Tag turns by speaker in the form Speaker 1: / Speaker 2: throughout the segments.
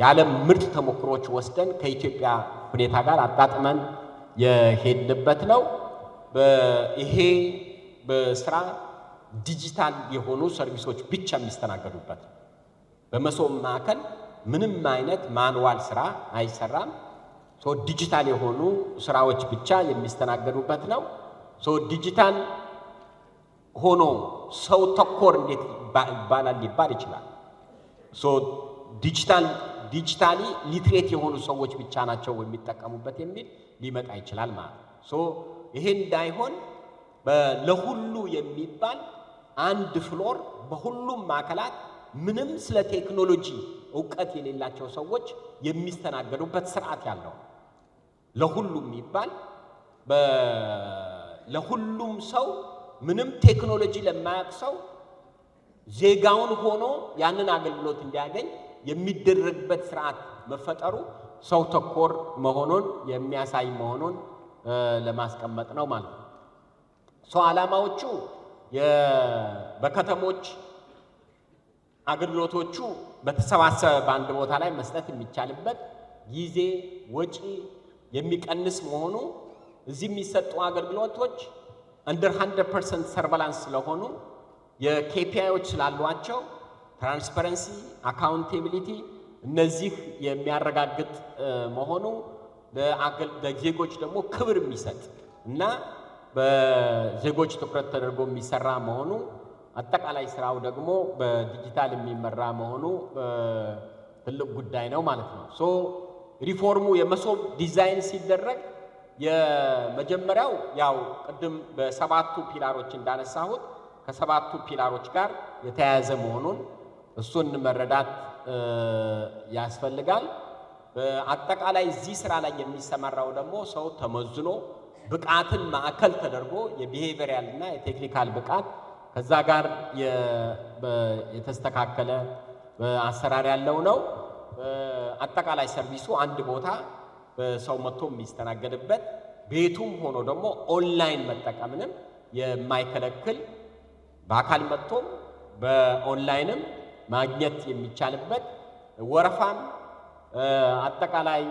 Speaker 1: የዓለም ምርጥ ተሞክሮች ወስደን ከኢትዮጵያ ሁኔታ ጋር አጣጥመን የሄድንበት ነው። ይሄ በስራ ዲጂታል የሆኑ ሰርቪሶች ብቻ የሚስተናገዱበት ነው። በመሶብ ማዕከል ምንም አይነት ማንዋል ስራ አይሰራም። ዲጂታል የሆኑ ስራዎች ብቻ የሚስተናገዱበት ነው። ዲጂታል ሆኖ ሰው ተኮር እንዴት ይባላል ሊባል ይችላል ዲጂታል ዲጂታሊ ሊትሬት የሆኑ ሰዎች ብቻ ናቸው የሚጠቀሙበት የሚል ሊመጣ ይችላል ማለት ነው። ሶ እንዳይሆን ለሁሉ የሚባል አንድ ፍሎር በሁሉም ማዕከላት ምንም ስለ ቴክኖሎጂ እውቀት የሌላቸው ሰዎች የሚስተናገዱበት ስርዓት ያለው ለሁሉም የሚባል ለሁሉም ሰው ምንም ቴክኖሎጂ ለማያውቅ ሰው ዜጋውን ሆኖ ያንን አገልግሎት እንዲያገኝ የሚደረግበት ስርዓት መፈጠሩ ሰው ተኮር መሆኑን የሚያሳይ መሆኑን ለማስቀመጥ ነው ማለት ነው። ሰው ዓላማዎቹ በከተሞች አገልግሎቶቹ በተሰባሰበ በአንድ ቦታ ላይ መስጠት የሚቻልበት ጊዜ ወጪ የሚቀንስ መሆኑ እዚህ የሚሰጡ አገልግሎቶች እንደር 100% ሰርቨላንስ ስለሆኑ የኬፒአዮች ስላሏቸው ትራንስፐረንሲ፣ አካውንቴቢሊቲ እነዚህ የሚያረጋግጥ መሆኑ ለዜጎች ደግሞ ክብር የሚሰጥ እና በዜጎች ትኩረት ተደርጎ የሚሰራ መሆኑ አጠቃላይ ስራው ደግሞ በዲጂታል የሚመራ መሆኑ ትልቅ ጉዳይ ነው ማለት ነው። ሶ ሪፎርሙ የመሶብ ዲዛይን ሲደረግ የመጀመሪያው ያው ቅድም በሰባቱ ፒላሮች እንዳነሳሁት ከሰባቱ ፒላሮች ጋር የተያያዘ መሆኑን እሱን መረዳት ያስፈልጋል። አጠቃላይ እዚህ ስራ ላይ የሚሰማራው ደግሞ ሰው ተመዝኖ ብቃትን ማዕከል ተደርጎ የቢሄቪራል እና የቴክኒካል ብቃት ከዛ ጋር የተስተካከለ አሰራር ያለው ነው። አጠቃላይ ሰርቪሱ አንድ ቦታ ሰው መጥቶ የሚስተናገድበት ቤቱም ሆኖ ደግሞ ኦንላይን መጠቀምንም የማይከለክል በአካል መጥቶም በኦንላይንም ማግኘት የሚቻልበት ወረፋም አጠቃላይ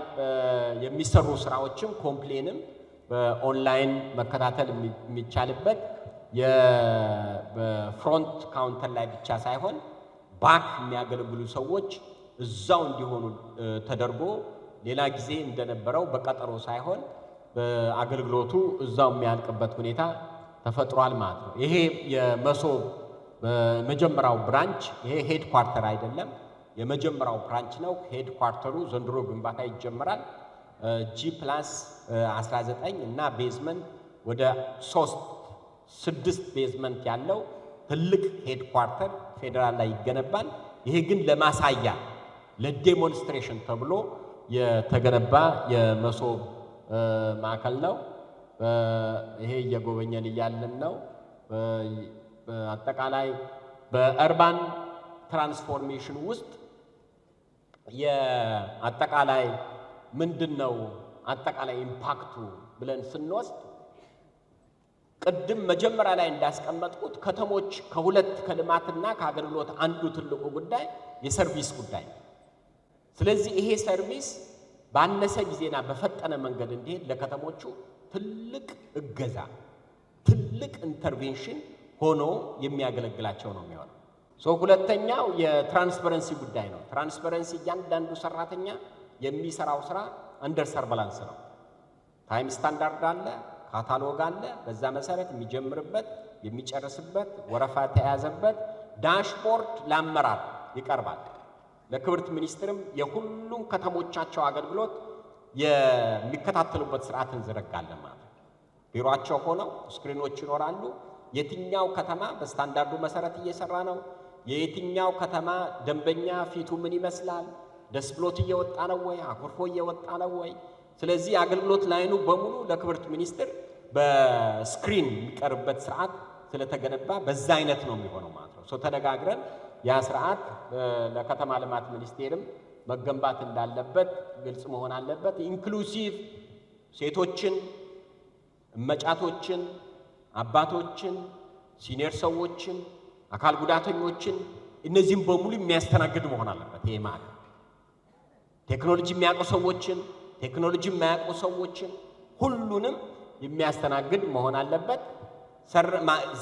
Speaker 1: የሚሰሩ ስራዎችም ኮምፕሌንም በኦንላይን መከታተል የሚቻልበት የፍሮንት ካውንተር ላይ ብቻ ሳይሆን ባክ የሚያገለግሉ ሰዎች እዛው እንዲሆኑ ተደርጎ ሌላ ጊዜ እንደነበረው በቀጠሮ ሳይሆን በአገልግሎቱ እዛው የሚያልቅበት ሁኔታ ተፈጥሯል ማለት ነው። ይሄ የመሶብ በመጀመሪያው ብራንች ይሄ ሄድ ኳርተር አይደለም፣ የመጀመሪያው ብራንች ነው። ሄድ ኳርተሩ ዘንድሮ ግንባታ ይጀምራል። ጂ ፕላስ 19 እና ቤዝመንት ወደ ሶስት ስድስት ቤዝመንት ያለው ትልቅ ሄድ ኳርተር ፌዴራል ላይ ይገነባል። ይሄ ግን ለማሳያ ለዴሞንስትሬሽን ተብሎ የተገነባ የመሶብ ማዕከል ነው። ይሄ እየጎበኘን እያለን ነው። በአጠቃላይ በእርባን ትራንስፎርሜሽን ውስጥ የአጠቃላይ ምንድን ነው አጠቃላይ ኢምፓክቱ ብለን ስንወስድ ቅድም መጀመሪያ ላይ እንዳስቀመጥኩት ከተሞች ከሁለት ከልማትና ከአገልግሎት አንዱ ትልቁ ጉዳይ የሰርቪስ ጉዳይ ነው። ስለዚህ ይሄ ሰርቪስ ባነሰ ጊዜና በፈጠነ መንገድ እንዲሄድ ለከተሞቹ ትልቅ እገዛ፣ ትልቅ ኢንተርቬንሽን ሆኖ የሚያገለግላቸው ነው የሚሆነው። ሁለተኛው የትራንስፐረንሲ ጉዳይ ነው። ትራንስፐረንሲ እያንዳንዱ ሰራተኛ የሚሰራው ስራ አንደር ሰርቨላንስ ነው። ታይም ስታንዳርድ አለ፣ ካታሎግ አለ። በዛ መሰረት የሚጀምርበት የሚጨርስበት፣ ወረፋ ተያዘበት ዳሽቦርድ ለአመራር ይቀርባል። ለክብርት ሚኒስትርም የሁሉም ከተሞቻቸው አገልግሎት የሚከታተሉበት ስርዓት እንዘረጋለን ማለት ነው። ሆነው ስክሪኖች ይኖራሉ። የትኛው ከተማ በስታንዳርዱ መሰረት እየሰራ ነው? የየትኛው ከተማ ደንበኛ ፊቱ ምን ይመስላል? ደስ ብሎት እየወጣ ነው ወይ? አኩርፎ እየወጣ ነው ወይ? ስለዚህ አገልግሎት ላይኑ በሙሉ ለክብርት ሚኒስትር በስክሪን የሚቀርበት ስርዓት ስለተገነባ በዛ አይነት ነው የሚሆነው ማለት ነው። ተነጋግረን ያ ስርዓት ለከተማ ልማት ሚኒስቴርም መገንባት እንዳለበት ግልጽ መሆን አለበት። ኢንክሉሲቭ ሴቶችን፣ እመጫቶችን አባቶችን፣ ሲኒየር ሰዎችን፣ አካል ጉዳተኞችን እነዚህም በሙሉ የሚያስተናግድ መሆን አለበት። ይሄ ማዕከል ቴክኖሎጂ የሚያውቁ ሰዎችን፣ ቴክኖሎጂ የማያውቁ ሰዎችን ሁሉንም የሚያስተናግድ መሆን አለበት።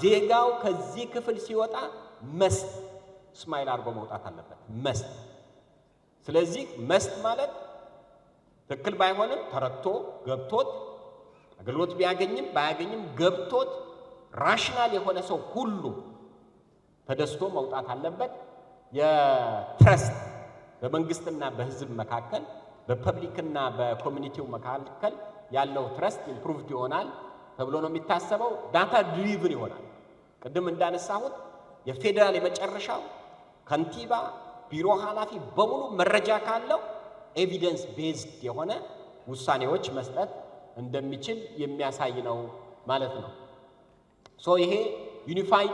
Speaker 1: ዜጋው ከዚህ ክፍል ሲወጣ መስት ስማይል አድርጎ መውጣት አለበት። መስት ስለዚህ መስት ማለት ትክክል ባይሆንም ተረድቶ ገብቶት አገልግሎት ቢያገኝም ባያገኝም ገብቶት ራሽናል የሆነ ሰው ሁሉ ተደስቶ መውጣት አለበት። የትረስት በመንግስትና በህዝብ መካከል በፐብሊክና በኮሚኒቲው መካከል ያለው ትረስት ኢምፕሩቭድ ይሆናል ተብሎ ነው የሚታሰበው። ዳታ ድሪቭን ይሆናል። ቅድም እንዳነሳሁት የፌዴራል የመጨረሻው ከንቲባ፣ ቢሮ ኃላፊ በሙሉ መረጃ ካለው ኤቪደንስ ቤዝድ የሆነ ውሳኔዎች መስጠት እንደሚችል የሚያሳይ ነው ማለት ነው። ሶ ይሄ ዩኒፋይድ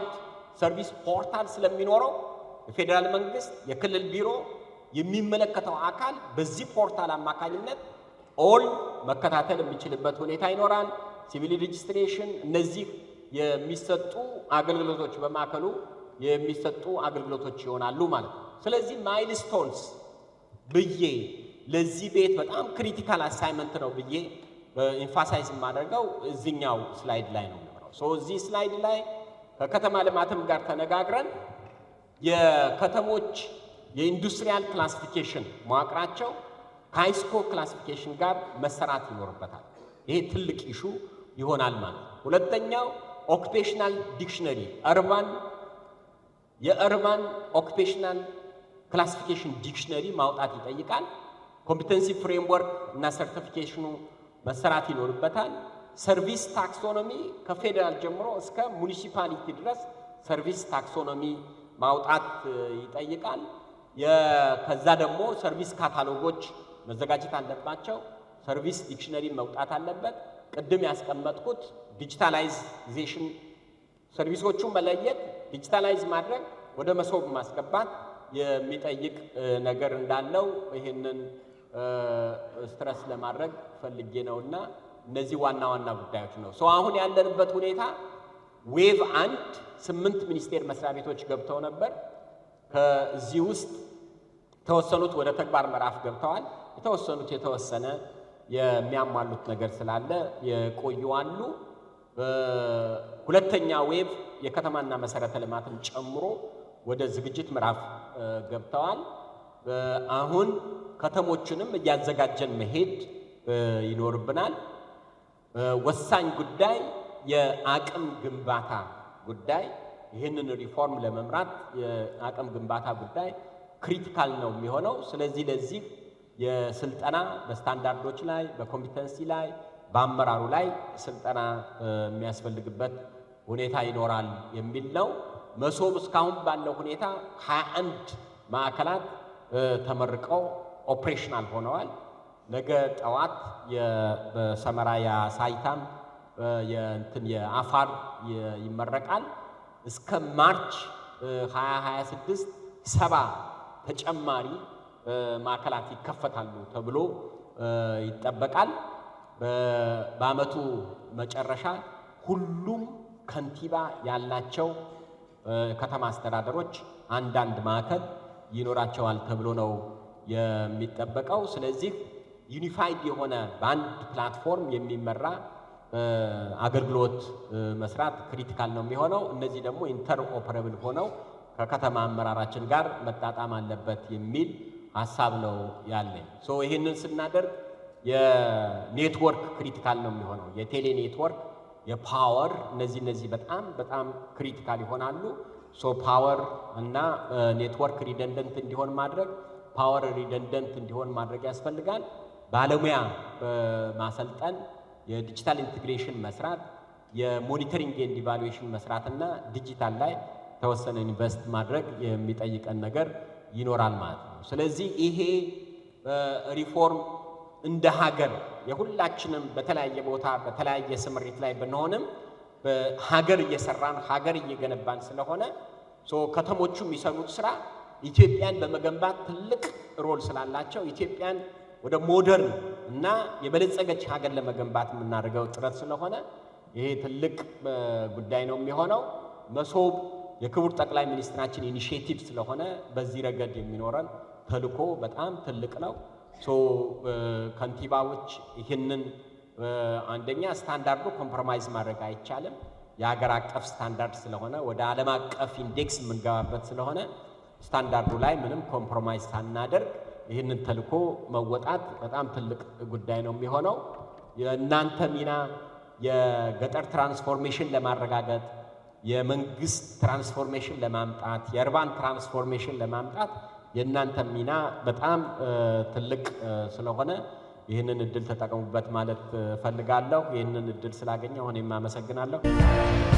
Speaker 1: ሰርቪስ ፖርታል ስለሚኖረው የፌዴራል መንግስት፣ የክልል ቢሮ፣ የሚመለከተው አካል በዚህ ፖርታል አማካኝነት ኦል መከታተል የሚችልበት ሁኔታ ይኖራል። ሲቪል ሬጅስትሬሽን፣ እነዚህ የሚሰጡ አገልግሎቶች በማዕከሉ የሚሰጡ አገልግሎቶች ይሆናሉ ማለት ነው። ስለዚህ ማይልስቶንስ ብዬ ለዚህ ቤት በጣም ክሪቲካል አሳይመንት ነው ብዬ ኢንፋሳይዝ የማደርገው እዚኛው ስላይድ ላይ ነው የሚኖረው። ሶ እዚህ ስላይድ ላይ ከከተማ ልማትም ጋር ተነጋግረን የከተሞች የኢንዱስትሪያል ክላሲፊኬሽን መዋቅራቸው ከአይስኮ ክላሲፊኬሽን ጋር መሰራት ይኖርበታል። ይሄ ትልቅ ኢሹ ይሆናል ማለት ነው። ሁለተኛው ኦኩፔሽናል ዲክሽነሪ እርባን የእርባን ኦኩፔሽናል ክላሲፊኬሽን ዲክሽነሪ ማውጣት ይጠይቃል። ኮምፒተንሲ ፍሬምወርክ እና ሰርቲፊኬሽኑ መሰራት ይኖርበታል። ሰርቪስ ታክሶኖሚ ከፌዴራል ጀምሮ እስከ ሙኒሲፓሊቲ ድረስ ሰርቪስ ታክሶኖሚ ማውጣት ይጠይቃል። ከዛ ደግሞ ሰርቪስ ካታሎጎች መዘጋጀት አለባቸው። ሰርቪስ ዲክሽነሪ መውጣት አለበት። ቅድም ያስቀመጥኩት ዲጂታላይዜሽን፣ ሰርቪሶቹን መለየት፣ ዲጂታላይዝ ማድረግ፣ ወደ መሶብ ማስገባት የሚጠይቅ ነገር እንዳለው ይህንን ስትረስ ለማድረግ ፈልጌ እና እነዚህ ዋና ዋና ጉዳዮች ነው። ሰው አሁን ያለንበት ሁኔታ ዌቭ አንድ ስምንት ሚኒስቴር መስሪያ ቤቶች ገብተው ነበር። ከዚህ ውስጥ የተወሰኑት ወደ ተግባር ምዕራፍ ገብተዋል። የተወሰኑት የተወሰነ የሚያሟሉት ነገር ስላለ የቆዩ አሉ። ሁለተኛ ዌቭ የከተማና መሰረተ ልማትን ጨምሮ ወደ ዝግጅት ምዕራፍ ገብተዋል። አሁን ከተሞችንም እያዘጋጀን መሄድ ይኖርብናል። ወሳኝ ጉዳይ የአቅም ግንባታ ጉዳይ፣ ይህንን ሪፎርም ለመምራት የአቅም ግንባታ ጉዳይ ክሪቲካል ነው የሚሆነው። ስለዚህ ለዚህ የስልጠና በስታንዳርዶች ላይ፣ በኮምፒተንሲ ላይ፣ በአመራሩ ላይ ስልጠና የሚያስፈልግበት ሁኔታ ይኖራል የሚል ነው። መሶብ እስካሁን ባለው ሁኔታ 21 ማዕከላት ተመርቀው ኦፕሬሽናል ሆነዋል። ነገ ጠዋት በሰመራ የሳይታም የእንትን የአፋር ይመረቃል። እስከ ማርች 2026 ሰባ ተጨማሪ ማዕከላት ይከፈታሉ ተብሎ ይጠበቃል። በአመቱ መጨረሻ ሁሉም ከንቲባ ያላቸው ከተማ አስተዳደሮች አንዳንድ ማዕከል ይኖራቸዋል ተብሎ ነው የሚጠበቀው። ስለዚህ ዩኒፋይድ የሆነ በአንድ ፕላትፎርም የሚመራ አገልግሎት መስራት ክሪቲካል ነው የሚሆነው። እነዚህ ደግሞ ኢንተር ኦፐረብል ሆነው ከከተማ አመራራችን ጋር መጣጣም አለበት የሚል ሀሳብ ነው ያለኝ። ሶ ይህንን ስናደርግ የኔትወርክ ክሪቲካል ነው የሚሆነው። የቴሌ ኔትወርክ፣ የፓወር እነዚህ እነዚህ በጣም በጣም ክሪቲካል ይሆናሉ። ሶ ፓወር እና ኔትወርክ ሪደንደንት እንዲሆን ማድረግ ፓወር ሪደንደንት እንዲሆን ማድረግ ያስፈልጋል። ባለሙያ በማሰልጠን የዲጂታል ኢንቴግሬሽን መስራት፣ የሞኒተሪንግ ኤንድ ኢቫሉዌሽን መስራት እና ዲጂታል ላይ ተወሰነ ኢንቨስት ማድረግ የሚጠይቀን ነገር ይኖራል ማለት ነው። ስለዚህ ይሄ ሪፎርም እንደ ሀገር የሁላችንም በተለያየ ቦታ በተለያየ ስምሪት ላይ ብንሆንም በሀገር እየሰራን ሀገር እየገነባን ስለሆነ ከተሞቹ የሚሰሩት ስራ ኢትዮጵያን በመገንባት ትልቅ ሮል ስላላቸው ኢትዮጵያን ወደ ሞደርን እና የበለጸገች ሀገር ለመገንባት የምናደርገው ጥረት ስለሆነ ይሄ ትልቅ ጉዳይ ነው የሚሆነው። መሶብ የክቡር ጠቅላይ ሚኒስትራችን ኢኒሽቲቭ ስለሆነ በዚህ ረገድ የሚኖረን ተልዕኮ በጣም ትልቅ ነው። ሶ ከንቲባዎች ይህንን አንደኛ ስታንዳርዱ ኮምፕሮማይዝ ማድረግ አይቻልም። የሀገር አቀፍ ስታንዳርድ ስለሆነ ወደ ዓለም አቀፍ ኢንዴክስ የምንገባበት ስለሆነ ስታንዳርዱ ላይ ምንም ኮምፕሮማይዝ ሳናደርግ ይህንን ተልዕኮ መወጣት በጣም ትልቅ ጉዳይ ነው የሚሆነው። የእናንተ ሚና የገጠር ትራንስፎርሜሽን ለማረጋገጥ የመንግስት ትራንስፎርሜሽን ለማምጣት የእርባን ትራንስፎርሜሽን ለማምጣት የእናንተ ሚና በጣም ትልቅ ስለሆነ ይህንን እድል ተጠቀሙበት ማለት እፈልጋለሁ። ይህንን እድል ስላገኘ ሆኔም አመሰግናለሁ።